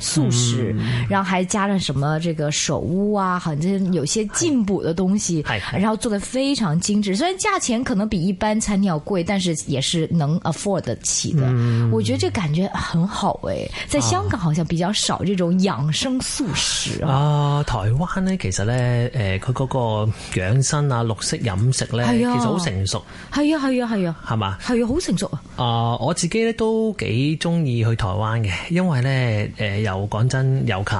素食，嗯、然後還加上什麼這個首烏啊，好像有些進補的東西，是然後做得非常精致。雖然價錢可能比一般餐廳要貴，但是也是能 afford 得起的。嗯、我覺得這個感覺很好哎、欸，在香港好像比較少這種養生素食啊。啊呃、台灣呢，其實呢，誒、呃，佢嗰個養生啊，綠色飲食呢，其實好成熟。係啊、哎，係、哎、啊，係啊吧，係嘛、哎，係啊，好成熟啊。啊、呃，我自己呢，都幾中意去台灣嘅，因為呢。呃又講真又近，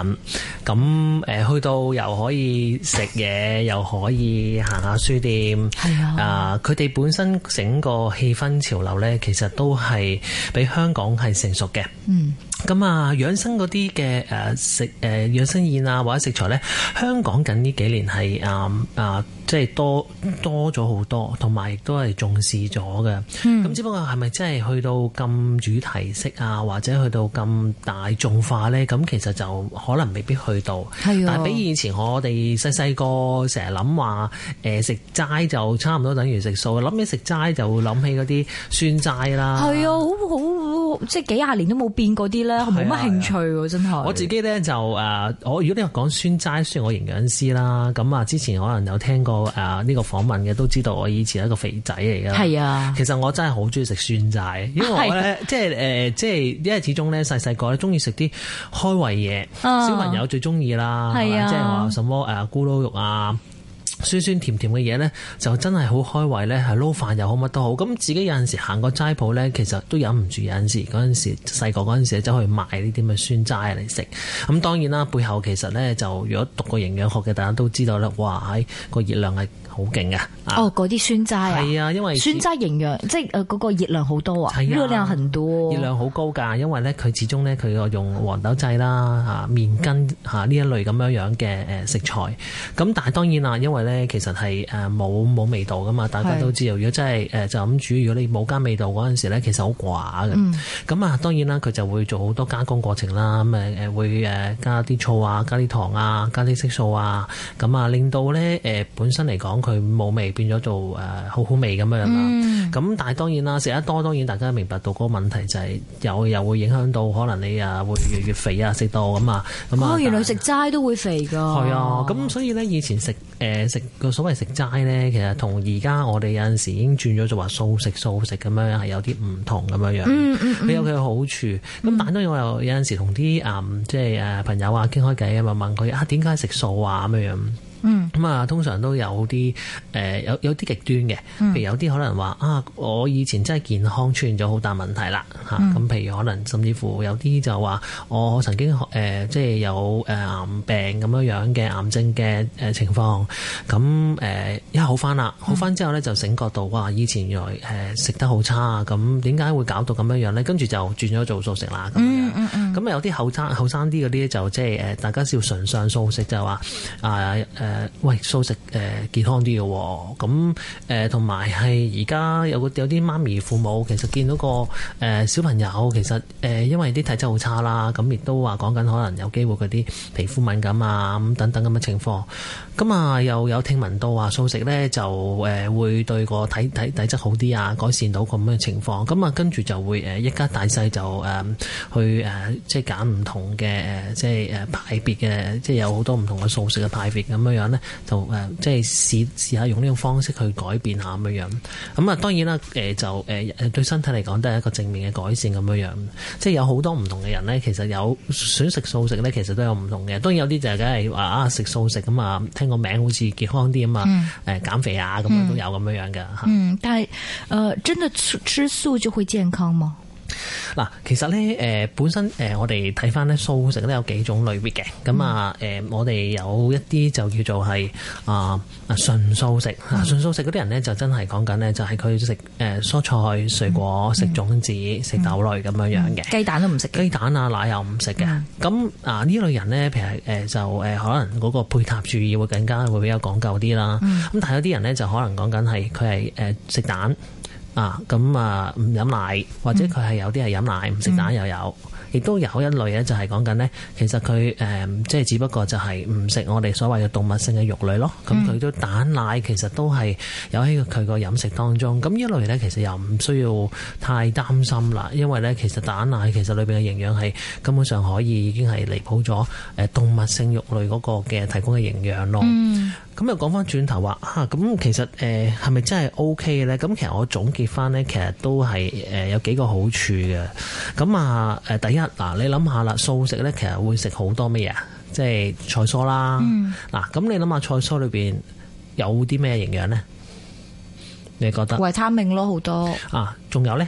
咁誒去到又可以食嘢，又可以行下書店，係啊，佢哋、呃、本身整個氣氛潮流呢，其實都係比香港係成熟嘅。嗯，咁啊、呃、養生嗰啲嘅誒食誒、呃、養生宴啊或者食材呢，香港近呢幾年係啊啊～、呃呃即係多多咗好多，同埋亦都係重視咗嘅。咁、嗯、只不過係咪真係去到咁主題式啊，或者去到咁大眾化咧？咁其實就可能未必去到。係啊的。但係比以前我哋細細個成日諗話誒食齋就差唔多等於食素，諗起食齋就諗起嗰啲酸齋啦。係啊，好好，好，好即係幾廿年都冇變過啲咧，冇乜的興趣，真係我自己咧就誒我、呃、如果你話講酸齋，雖然我營養師啦，咁啊之前可能有聽過。啊！呢、這個訪問嘅都知道，我以前係一個肥仔嚟噶。係啊，其實我真係好中意食酸齋，因為我咧、啊、即係誒，即係因為始終咧細細個咧中意食啲開胃嘢，啊、小朋友最中意啦。係啊，即係話什麼誒、啊，咕嚕肉啊。酸酸甜甜嘅嘢呢，就真係好開胃呢，係撈飯又好乜都好。咁自己有陣時行個齋鋪呢，其實都忍唔住。有陣時嗰陣時細個嗰陣時走去買呢啲咁嘅酸齋嚟食。咁當然啦，背後其實呢，就如果讀過營養學嘅，大家都知道啦。哇，喺嗰個熱量係好勁，哦、啊！哦，嗰啲酸齋啊，係啊，因為酸齋營養即係誒嗰個熱量好多啊，熱量很多，啊，啊、熱量好高㗎，因為咧佢始終咧佢個用黃豆製啦嚇麵筋嚇呢一類咁樣樣嘅誒食材，咁、嗯、但係當然啦，因為咧其實係誒冇冇味道㗎嘛，大家都知啊。是如果真係誒就咁煮，如果你冇加味道嗰陣時咧，其實好寡嘅。咁啊，嗯，當然啦，佢就會做好多加工過程啦，咁誒誒會誒加啲醋啊，加啲糖啊，加啲色素啊，咁啊令到咧誒本身嚟講。佢冇味變咗做誒好好味咁樣啦，咁、嗯、但係當然啦，食得多當然大家明白到嗰個問題就係有又，又會影響到可能你啊會越，越越肥啊食到咁啊，哦，原來食齋都會肥噶，係啊，啊，咁所以咧以前、呃、食誒食個所謂食齋咧，其實同而家我哋有陣時已經轉咗做話素食素食咁樣係有啲唔同咁樣樣，佢、嗯嗯嗯、有佢嘅好處，咁但係當然我有有陣時同啲、嗯、即係誒朋友聊聊啊傾開偈啊問佢啊點解食素啊咁樣。嗯，咁啊，通常都有啲，誒、呃，有有啲極端嘅，譬如有啲可能話啊，我以前真係健康出現咗好大問題啦，嚇、嗯，咁譬如可能甚至乎有啲就話，我曾經誒、呃、即係有誒癌、呃、病咁樣樣嘅癌症嘅誒情況，咁誒一好返啦，好返之後咧就醒覺到，哇，以前原來誒食得好差啊，咁點解會搞到咁樣樣咧？跟住就轉咗做素食啦，咁咁啊，有啲後生後生啲嗰啲咧，就即係誒，大家叫純上素食就話啊誒。啊啊啊啊啊喂，素食誒健康啲嘅，咁誒同埋係而家有有啲媽咪父母，其實見到個誒小朋友，其實誒因為啲體質好差啦，咁亦都話講緊可能有機會嗰啲皮膚敏感啊咁等等咁嘅情況，咁啊又有聽聞到話素食咧就誒會對個體體體質好啲啊，改善到個咁嘅情況，咁啊跟住就會誒一家大細就誒去誒即係揀唔同嘅誒即係誒派別嘅，即係有好多唔同嘅素食嘅派別咁樣樣。就誒，即係試試下用呢種方式去改變下咁樣樣。咁啊，當然啦，誒、呃、就誒誒，對、呃呃呃、身體嚟講都係一個正面嘅改善咁樣樣。即係有好多唔同嘅人咧，其實有選食素食咧，其實都有唔同嘅。當然有啲就梗係話啊，食素食咁、嗯呃、啊，聽個名好似健康啲啊嘛，誒、嗯，減肥啊咁樣都有咁樣樣嘅吓。但係誒、呃，真係吃吃素就會健康嗎？嗱，其實咧，誒，本身誒，我哋睇翻咧，素食咧有幾種類別嘅。咁啊，誒，我哋有一啲就叫做係啊純素食，純素食嗰啲人咧就真係講緊咧就係佢食誒蔬菜、水果、食種子、食豆類咁樣樣嘅，雞蛋都唔食，雞蛋啊、奶又唔食嘅。咁啊呢類人咧，其實誒就誒可能嗰個配搭，注意會更加會比較講究啲啦，咁但係有啲人咧就可能講緊係佢係誒食蛋。啊，咁啊唔飲奶，或者佢係有啲係飲奶唔食蛋又有，亦都、嗯、有一類咧就係講緊呢，其實佢誒即係只不過就係唔食我哋所謂嘅動物性嘅肉類咯。咁佢都蛋奶其實都係有喺佢個飲食當中。咁一類呢，其實又唔需要太擔心啦，因為呢，其實蛋奶其實裏邊嘅營養係根本上可以已經係彌補咗誒動物性肉類嗰個嘅提供嘅營養咯。嗯咁又講翻轉頭話啊，咁其實誒係咪真係 OK 嘅咧？咁其實我總結翻咧，其實都係誒有幾個好處嘅。咁啊誒，第一嗱，你諗下啦，素食咧其實會食好多咩嘢？即係菜蔬啦。嗱、嗯，咁、啊、你諗下菜蔬裏邊有啲咩營養咧？你覺得維他命咯，好多啊，仲有咧？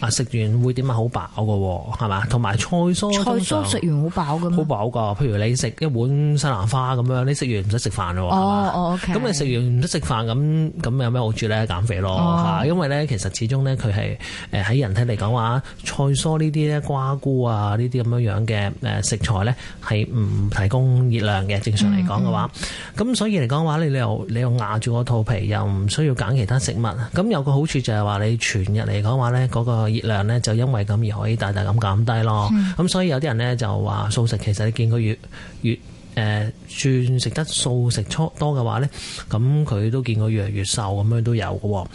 啊！食完會點啊？好飽噶，係嘛？同埋菜蔬，菜蔬食完好飽噶，好飽噶。譬如你食一碗西蘭花咁樣，你食完唔使食飯咯，係嘛？咁你食完唔使食飯，咁咁有咩好處咧？減肥咯，吓、哦，因為咧，其實始終咧，佢係誒喺人體嚟講，話菜蔬呢啲咧、瓜菇啊呢啲咁樣樣嘅誒食材咧，係唔提供熱量嘅。正常嚟講嘅話，咁、嗯嗯、所以嚟講嘅話，你又你又壓住個肚皮，又唔需要揀其他食物，咁有個好處就係話你全日嚟講，話咧，嗰個。熱量呢，就因為咁而可以大大咁減低咯，咁、嗯、所以有啲人呢，就話素食其實你見佢越越誒算、呃、食得素食多嘅話呢，咁佢都見佢越嚟越瘦咁樣都有嘅。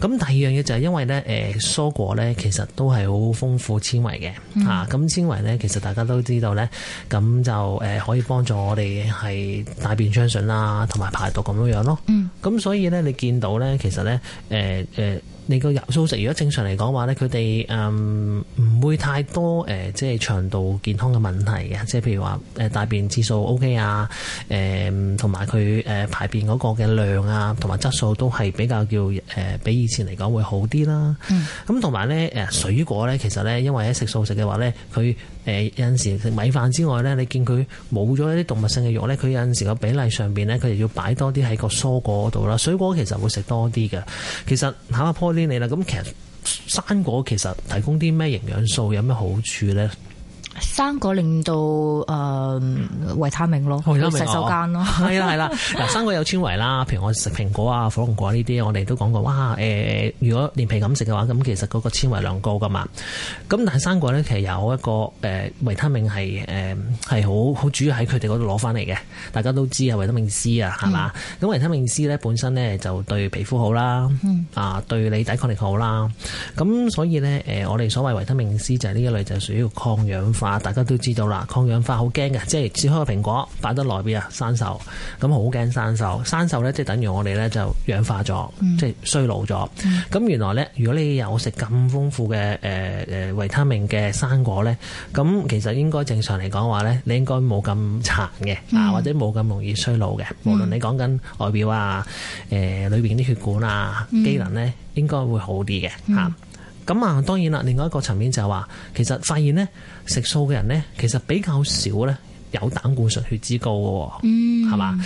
咁第二樣嘢就係因為呢，誒、呃、蔬果呢其實都係好豐富纖維嘅嚇，咁、嗯啊、纖維呢，其實大家都知道呢，咁就誒、呃、可以幫助我哋係大便暢順啦，同埋排毒咁樣樣咯。咁、嗯、所以呢，你見到呢，其實呢。誒、呃、誒。呃呃你個飲素食，如果正常嚟講話咧，佢哋嗯唔會太多誒、呃，即係腸道健康嘅問題嘅，即係譬如話誒大便質素 OK 啊，誒同埋佢誒排便嗰個嘅量啊，同埋質素都係比較叫誒、呃、比以前嚟講會好啲啦。嗯咁同埋咧誒水果咧，其實咧因為喺食素食嘅話咧，佢誒、嗯，有陣時食米飯之外咧，你見佢冇咗一啲動物性嘅肉咧，佢有陣時個比例上邊咧，佢又要擺多啲喺個蔬果度啦。水果其實會食多啲嘅。其實下下 point 你啦，咁其實生果其實提供啲咩營養素，有咩好處咧？生果令到誒、呃、維他命咯，維他命咯，洗手間咯，係啊係啦。嗱，生果有纖維啦，譬如我食蘋果啊、火龍果呢啲，我哋都講過，哇誒、呃、如果連皮噉食嘅話，咁其實嗰個纖維量高噶嘛。咁但係生果咧，其實有一個誒、呃、維他命係誒係好好主要喺佢哋嗰度攞翻嚟嘅。大家都知係，維他命 C 啊，係嘛、嗯？咁維他命 C 咧本身咧就對皮膚好啦，啊、嗯、對你抵抗力好啦。咁所以咧誒，我哋所謂維他命 C 就係呢一類就係屬於抗氧化。啊！大家都知道啦，抗氧化好驚嘅，即係切開個蘋果，擺得耐啲啊，生銹，咁好驚生銹。生銹咧，即係等於我哋咧就氧化咗，嗯、即係衰老咗。咁、嗯、原來咧，如果你有食咁豐富嘅誒誒維他命嘅生果咧，咁其實應該正常嚟講話咧，你應該冇咁殘嘅啊，嗯、或者冇咁容易衰老嘅。嗯、無論你講緊外表啊，誒、呃、裏邊啲血管啊機能咧，應該會好啲嘅吓。嗯嗯咁啊，當然啦，另外一個層面就係話，其實發現呢食素嘅人呢，其實比較少呢有膽固醇血脂高嘅，嗯、係嘛？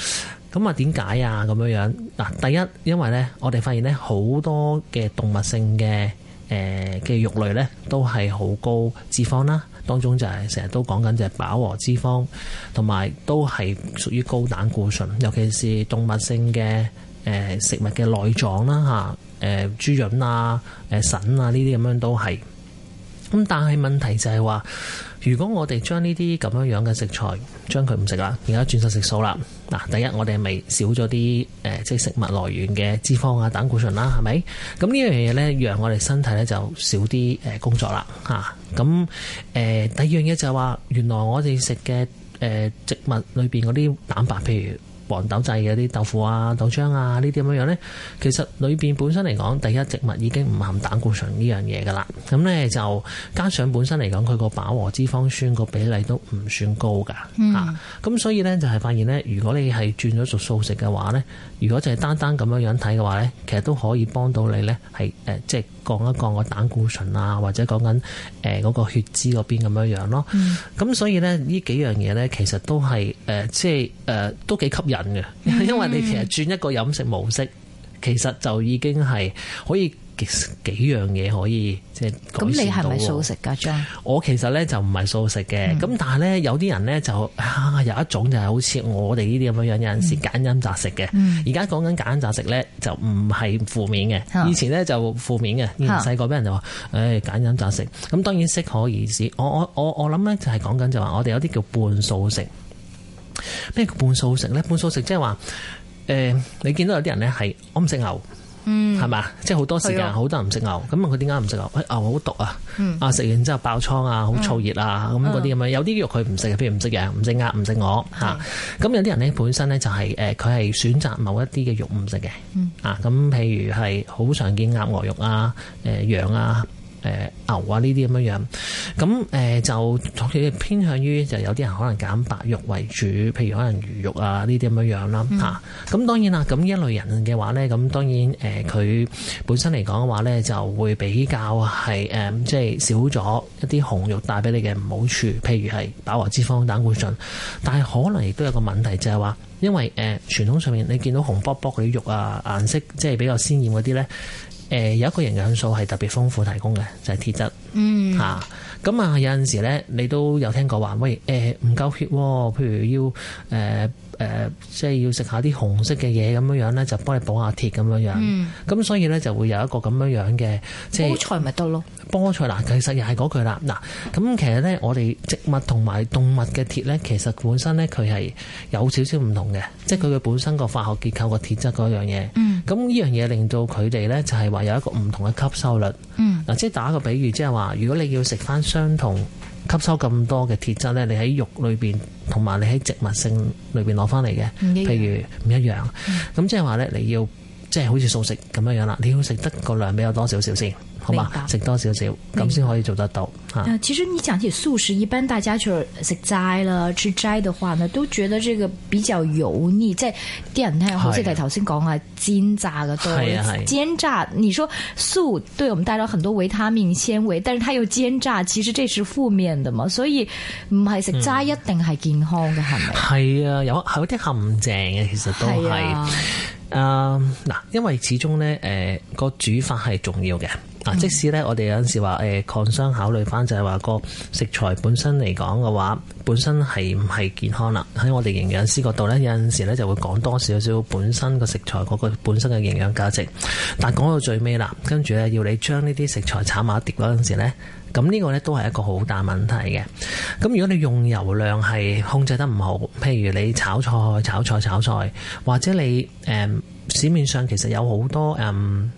咁啊，點解啊？咁樣樣嗱，第一，因為呢，我哋發現呢好多嘅動物性嘅誒嘅肉類呢，都係好高脂肪啦，當中就係成日都講緊就係飽和脂肪，同埋都係屬於高膽固醇，尤其是動物性嘅誒、呃、食物嘅內臟啦，嚇、呃。誒，豬潤、呃、啊，誒、呃，腎啊，呢啲咁樣都係，咁但係問題就係話，如果我哋將呢啲咁樣樣嘅食材，將佢唔食啦，而家轉晒食素啦，嗱，第一我哋咪少咗啲誒，即係食物來源嘅脂肪啊，膽固醇啦、啊，係咪？咁呢樣嘢咧，讓我哋身體咧就少啲誒工作啦，吓、啊，咁、嗯、誒、呃、第二樣嘢就係話，原來我哋食嘅誒、呃、植物裏邊嗰啲蛋白，譬如。黃豆製嘅啲豆腐啊、豆漿啊呢啲咁樣樣咧，其實裏邊本身嚟講，第一植物已經唔含膽固醇呢樣嘢噶啦，咁咧就加上本身嚟講，佢個飽和脂肪酸個比例都唔算高噶嚇，咁、啊、所以咧就係、是、發現咧，如果你係轉咗做素食嘅話咧，如果就係單單咁樣樣睇嘅話咧，其實都可以幫到你咧，係誒即係降一降個膽固醇啊，或者講緊誒嗰個血脂嗰邊咁樣樣咯。咁、啊、所以咧呢幾樣嘢咧，其實都係誒即係誒都幾吸引。緊嘅， 因為你其實轉一個飲食模式，其實就已經係可以幾幾樣嘢可以即係改善到。咁你係咪素食噶？張我其實咧就唔係素食嘅，咁、嗯、但係咧有啲人咧就、啊、有一種就係好似我哋呢啲咁樣樣，有陣時揀飲擇食嘅。而家講緊揀飲擇食咧，就唔係負面嘅。以前咧就負面嘅，以前細個俾人就話，唉、哎，揀飲擇食。咁當然適可而止。我我我我諗咧就係講緊就話，我哋有啲叫半素食。咩半素食咧？半素食即係話誒，你見到有啲人咧係我唔食牛，嗯，係嘛，即係好多時間好多人唔食牛，咁問佢點解唔食牛？喂、哎，牛好毒啊！嗯、啊，食完之後爆瘡啊，好燥熱啊，咁嗰啲咁樣。有啲肉佢唔食，譬如唔食嘅。唔食鴨、唔食鵝吓。咁、嗯啊、有啲人咧本身咧就係、是、誒，佢係選擇某一啲嘅肉唔食嘅啊。咁譬如係好常見鴨鵝肉啊，誒、呃，羊啊。誒牛啊呢啲咁樣樣，咁誒就佢哋偏向於就有啲人可能揀白肉為主，譬如可能魚肉等等，嗯、啊呢啲咁樣樣啦嚇。咁當然啦，咁一類人嘅話咧，咁當然誒佢、呃、本身嚟講嘅話咧，就會比較係誒即係少咗一啲紅肉帶俾你嘅唔好處，譬如係飽和脂肪膽固醇。但係可能亦都有個問題就係話，因為誒、呃、傳統上面你見到紅卜卜嗰啲肉啊，顏色即係比較鮮豔嗰啲咧，誒有一個營養素係特別豐富提供嘅，就係、是、鐵質。嗯，嚇，咁啊，有陣時咧，你都有聽過話，喂，誒、呃、唔夠血喎，譬如要誒。呃誒、呃，即係要食下啲紅色嘅嘢，咁樣樣咧，就幫你補下鐵咁樣樣。嗯，咁所以咧就會有一個咁樣樣嘅，即係。菠菜咪得咯？菠菜嗱，其實又係嗰句啦。嗱，咁其實咧，我哋植物同埋動物嘅鐵咧，其實本身咧佢係有少少唔同嘅，嗯、即係佢佢本身個化學結構個鐵質嗰樣嘢。嗯。咁呢樣嘢令到佢哋咧，就係話有一個唔同嘅吸收率。嗯。嗱，即係打一個比喻，即係話，如果你要食翻相同。吸收咁多嘅鐵質咧，你喺肉裏邊同埋你喺植物性裏邊攞返嚟嘅，譬如唔一樣。咁即係話咧，你要。即係好似素食咁樣樣啦，你要食得個量比較多少少先，好嘛？食白多少少咁先可以做得到吓。嗯、其實你講起素食，一般大家去食齋啦，吃齋嘅話呢，都覺得這個比較油膩，即係啲人聽好似你頭先講啊煎炸嘅多，是的 煎炸。你說素對我們帶來很多維他命、纖維，但係它又煎炸，其實這是負面的嘛。所以唔係食齋一定係健康嘅，係咪？係啊，有係有啲陷阱嘅，其實都係。啊，嗱，uh, 因為始終咧，誒、呃，個煮法係重要嘅。嗱、啊，即使咧，我哋有陣時話誒抗霜，考慮翻就係話個食材本身嚟講嘅話，本身係唔係健康啦？喺我哋營養師角度咧，有陣時咧就會講多少少本身個食材嗰個本身嘅營養價值，但講到最尾啦，跟住咧要你將呢啲食材炒埋一碟嗰陣時咧，咁呢個咧都係一個好大問題嘅。咁如果你用油量係控制得唔好，譬如你炒菜、炒菜、炒菜，或者你誒、嗯、市面上其實有好多嗯。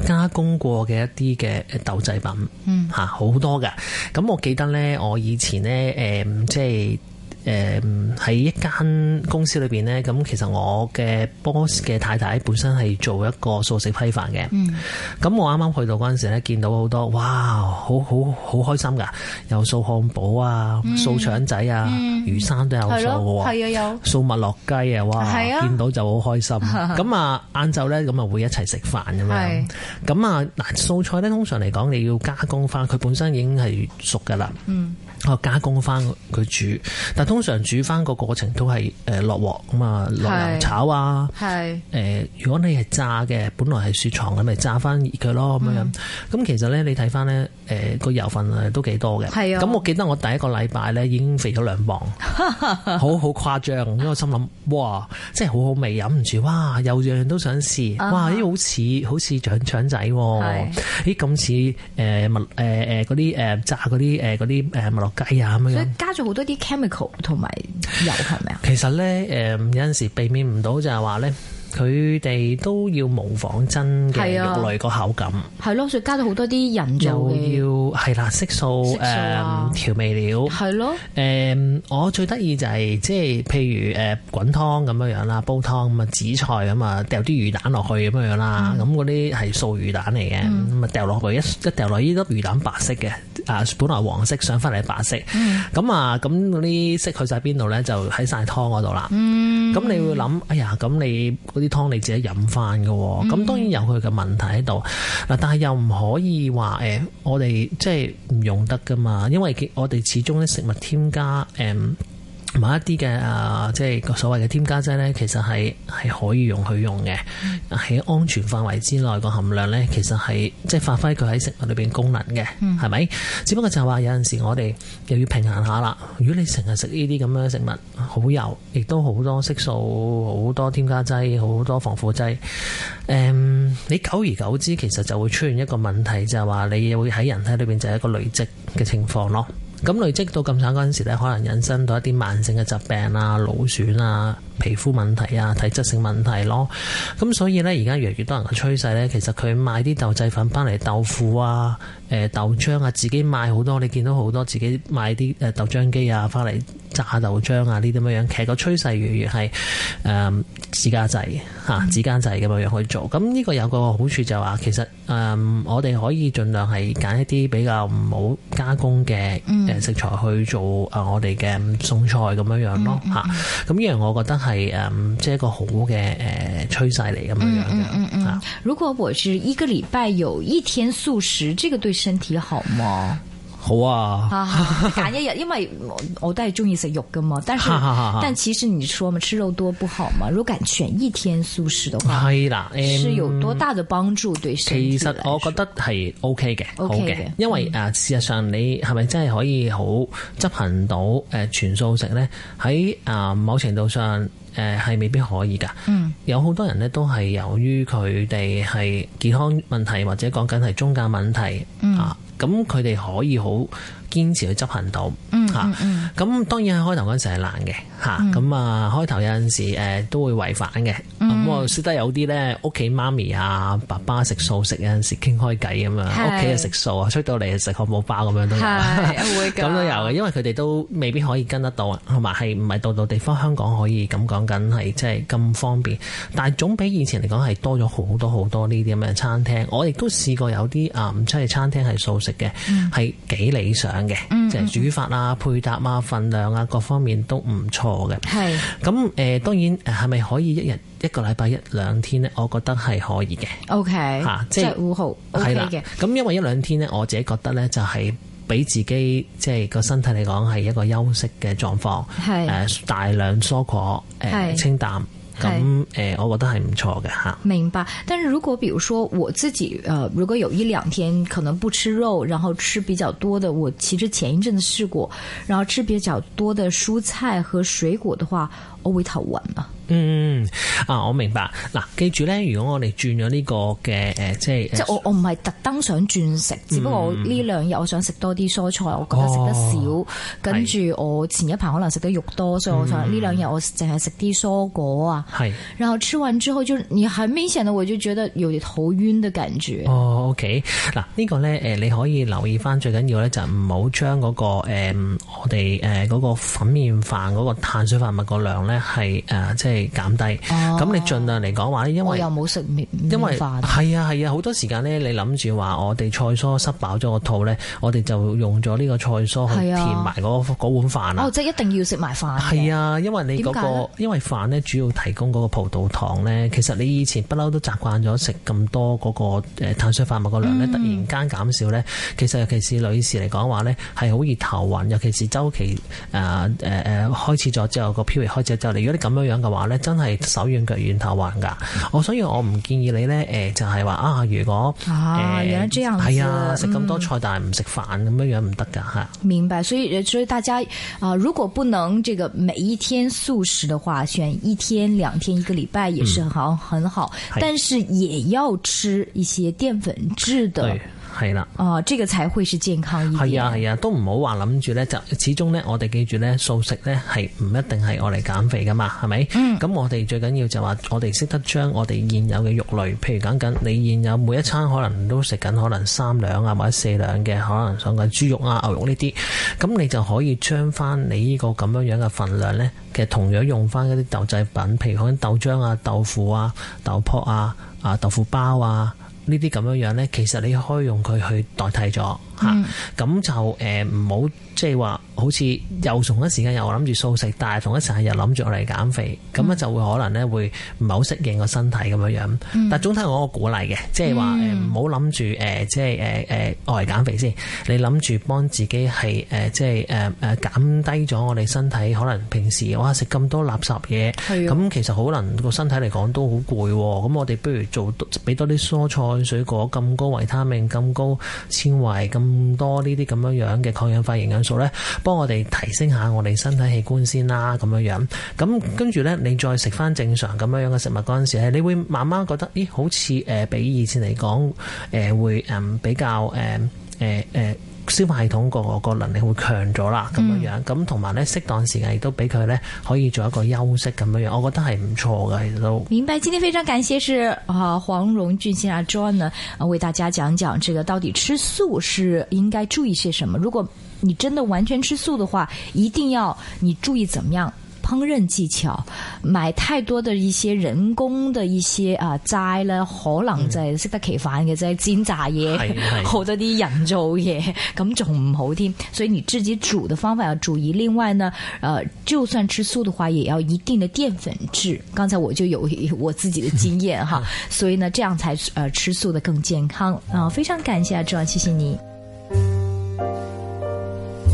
加工過嘅一啲嘅豆製品，嗯吓好多㗎，咁我記得咧，我以前咧，誒、呃，即係。誒，喺、嗯、一間公司裏邊呢，咁其實我嘅 boss 嘅太太本身係做一個素食批發嘅，咁、嗯、我啱啱去到嗰陣時咧，見到好多，哇，好好好開心噶，有素漢堡啊，素腸仔啊，嗯嗯、魚生都有做，係啊有，素麥樂雞啊，哇，的見到就好開心。咁 啊，晏晝呢，咁啊會一齊食飯咁樣，咁的啊，嗱，素菜呢，通常嚟講你要加工翻，佢本身,本身已經係熟噶啦，嗯加工翻佢煮，但通常煮翻個過程都係誒落鑊咁是啊，落油炒啊，誒如果你係炸嘅，本來係雪藏嘅咪，就是，炸翻佢咯咁樣。咁、嗯、其實咧你睇翻咧誒個油份誒都幾多嘅，咁、啊、我記得我第一個禮拜咧已經肥咗兩磅， 好好，好誇張。因為我心諗哇，真係好好味，忍唔住哇，又樣樣都想試，uh huh. 哇！咦好似好似腸腸仔，呃、喎，咦咁似誒麥誒嗰啲誒炸嗰啲誒啲誒計啊咁樣，加咗好多啲 chemical 同埋油，係咪啊？其實咧，誒，有陣時避免唔到就係話咧，佢哋都要模仿真嘅肉類個口感，係咯、啊，所以加咗好多啲人造嘅，要係啦，色素，誒、啊，調味料，係咯、啊，誒、嗯，我最得意就係即係，譬如誒滾湯咁樣樣啦，煲湯咁啊，紫菜咁啊，掉啲魚蛋落去咁樣樣啦，咁嗰啲係素魚蛋嚟嘅，咁啊掉落去一去一掉落呢粒魚蛋白色嘅。啊，本來黃色想翻嚟白色，咁啊、嗯，咁嗰啲色去晒邊度呢？就喺晒湯嗰度啦。咁你會諗，哎呀，咁你嗰啲湯你自己飲翻㗎，咁、嗯、當然有佢嘅問題喺度。嗱，但係又唔可以話誒、呃，我哋即係唔用得噶嘛，因為我哋始終啲食物添加誒。呃某一啲嘅誒，即係所謂嘅添加劑呢，其實係係可以用去用嘅，喺、嗯、安全範圍之內個含量呢，其實係即係發揮佢喺食物裏邊功能嘅，係咪？嗯、只不過就話有陣時我哋又要平衡下啦。如果你成日食呢啲咁樣嘅食物，好油，亦都好多色素、好多添加劑、好多防腐劑，誒、嗯，你久而久之，其實就會出現一個問題，就係、是、話你會喺人體裏邊就係一個累積嘅情況咯。咁累積到咁慘嗰陣時咧，可能引申到一啲慢性嘅疾病啊、勞損啊、皮膚問題啊、體質性問題咯。咁所以咧，而家越嚟越多人嘅趨勢咧，其實佢買啲豆製品翻嚟豆腐啊、誒豆漿啊，自己買好多。你見到好多自己買啲誒豆漿機啊，翻嚟炸豆漿啊呢啲咁樣。其實個趨勢越嚟越係自、呃、家製嚇、自、啊、家製咁樣樣去做。咁呢、嗯、個有個好處就係話、是，其實誒、呃、我哋可以儘量係揀一啲比較唔好加工嘅。嗯食材去做、呃，菜嗯嗯嗯、啊！我哋嘅餸菜咁樣樣咯吓，咁呢樣我覺得係誒，即、呃、係、就是、一個好嘅誒趨勢嚟咁樣樣嘅、嗯嗯嗯嗯嗯。如果我是一個禮拜有一天素食，這個對身體好嗎？嗯嗯嗯嗯好啊！揀一日，因為我都係中意食肉嘅嘛。但是 但其實你說嘛，吃肉多不好嘛。如果揀全一天素食嘅話，係啦，嗯、是有多大嘅幫助對身體？其實我覺得係 OK 嘅，OK 嘅，因為誒、呃、事實上你係咪真係可以好執行到誒、呃、全素食呢？喺、呃、某程度上誒係、呃、未必可以噶。嗯、有好多人呢，都係由於佢哋係健康問題或者講緊係宗教問題啊。嗯咁佢哋可以好堅持去執行到，嚇咁、嗯啊、當然喺開頭嗰陣時係難嘅，嚇咁啊開頭有陣時誒都會違反嘅，咁、嗯啊、我識得有啲咧屋企媽咪啊爸爸食素食有陣時傾開偈咁樣，屋企又食素啊出到嚟食漢堡包咁樣都有，咁都有嘅，因為佢哋都未必可以跟得到，同埋係唔係到到地方香港可以咁講緊係即係咁方便？但係總比以前嚟講係多咗好多好多呢啲咁嘅餐廳。我亦都試過有啲啊唔出去餐廳係素食。嘅，係幾、嗯、理想嘅，嗯嗯、即係煮法啊、配搭啊、份量啊，各方面都唔錯嘅。係是，咁誒、呃，當然係咪可以一日一個禮拜一兩天呢？我覺得係可以嘅。O K，吓，即係好好係啦。咁是、okay、的因為一兩天呢，我自己覺得呢就係俾自己即係個身體嚟講係一個休息嘅狀況。係是、呃，大量蔬果，誒、呃，是清淡。咁誒、呃，我覺得係唔錯嘅吓。明白，但是如果，比如說我自己，誒、呃，如果有一兩天可能不吃肉，然後吃比較多的，我其實前一陣子試過，然後吃比較多的蔬菜和水果的話，我未討完啦。嗯啊，我明白。嗱、啊，記住咧，如果我哋轉咗呢個嘅誒、啊，即係即係我我唔係特登想轉食，嗯、只不過我呢兩日我想食多啲蔬菜，哦、我覺得食得少，是跟住我前一排可能食得肉多，所以我想呢兩日我淨係食啲蔬果、嗯、啊。係。然後吃完之後就，就你很明顯的我就覺得有啲好暈嘅感覺。哦，OK。嗱、啊，這個、呢個咧誒，你可以留意返、那個，最緊要咧就唔好將嗰個我哋誒嗰個粉麵飯嗰個碳水化合物個量咧係誒即係。減低，咁、啊、你盡量嚟講話呢，因為又冇食麵，因為飯。係啊係啊，好、啊、多時間呢，你諗住話我哋菜蔬塞飽咗個肚呢，我哋就用咗呢個菜蔬、啊、去填埋嗰碗飯啊、哦！即係一定要食埋飯。係啊，因為你嗰、那個為因為飯呢，主要提供嗰個葡萄糖呢。其實你以前不嬲都習慣咗食咁多嗰個碳水化合物量呢，突然間減少呢。嗯、其實尤其是女士嚟講話呢，係好易頭暈，尤其是周期誒誒誒開始咗之後、那個漂移開始咗之後，如果你咁樣樣嘅話。真係手軟腳軟頭暈噶，嗯、所以我唔建議你呢，誒、呃，就係、是、話啊，如果啊原來這樣，係啊食咁多菜，嗯、但係唔食飯咁樣樣唔得噶嚇。明白，所以所以大家啊、呃，如果不能這個每一天素食的話，選一天、兩天、一個禮拜也是很好、嗯、很好，但是也要吃一些澱粉質的。係啦，哦，這個才會是健康一點。係啊係啊，都唔好話諗住咧，就始終咧，我哋記住咧，素食咧係唔一定係我嚟減肥噶嘛，係咪？咁、嗯、我哋最緊要就話，我哋識得將我哋現有嘅肉類，譬如揀緊你現有每一餐可能都食緊可能三兩啊或者四兩嘅，可能想講豬肉啊、牛肉呢啲，咁你就可以將翻你呢個咁樣樣嘅份量咧，其實同樣用翻一啲豆製品，譬如講豆漿啊、豆腐啊、豆泡啊、豆泡啊、豆腐包啊。呢啲咁樣樣咧，其實你可以用佢去代替咗。嚇，咁、嗯、就誒唔好即係話，好似又同一時間又諗住素食，但係同一時間又諗住我嚟減肥，咁咧、嗯、就會可能咧會唔係好適應個身體咁樣樣。嗯、但係總體我個鼓勵嘅，即係話誒唔好諗住誒即係誒誒我嚟減肥先，你諗住幫自己係誒即係誒誒減低咗我哋身體可能平時哇食咁多垃圾嘢，咁、嗯、其實可能個身體嚟講都好攰喎。咁我哋不如做多俾多啲蔬菜水果，咁高維他命，咁高纖維，咁咁多呢啲咁樣樣嘅抗氧化營養素呢，幫我哋提升下我哋身體器官先啦，咁樣樣。咁跟住呢，你再食翻正常咁樣樣嘅食物嗰陣時咧，你會慢慢覺得，咦，好似誒、呃、比以前嚟講誒會誒、呃、比較誒誒誒。呃呃呃消化系統個個能力會強咗啦，咁樣、嗯、樣，咁同埋呢，適當時間亦都俾佢呢可以做一個休息咁樣樣，我覺得係唔錯嘅，其實都。明白，今天非常感謝是啊黃榮俊先生、啊、John 呢、啊，為大家講講這個到底吃素是應該注意些什麼？如果你真的完全吃素的話，一定要你注意怎麼樣？烹飪技巧，買太多的一些人工的一些啊齋咧，好難再食得其反嘅，在煎炸嘢，好多啲人造嘢，咁仲唔好添。所以你自己煮的方法要注意。另外呢，呃，就算吃素的話，也要一定的澱粉質。剛才我就有我自己的經驗、嗯、哈，所以呢，這樣才呃，吃素的更健康啊、呃！非常感謝阿志，謝謝你。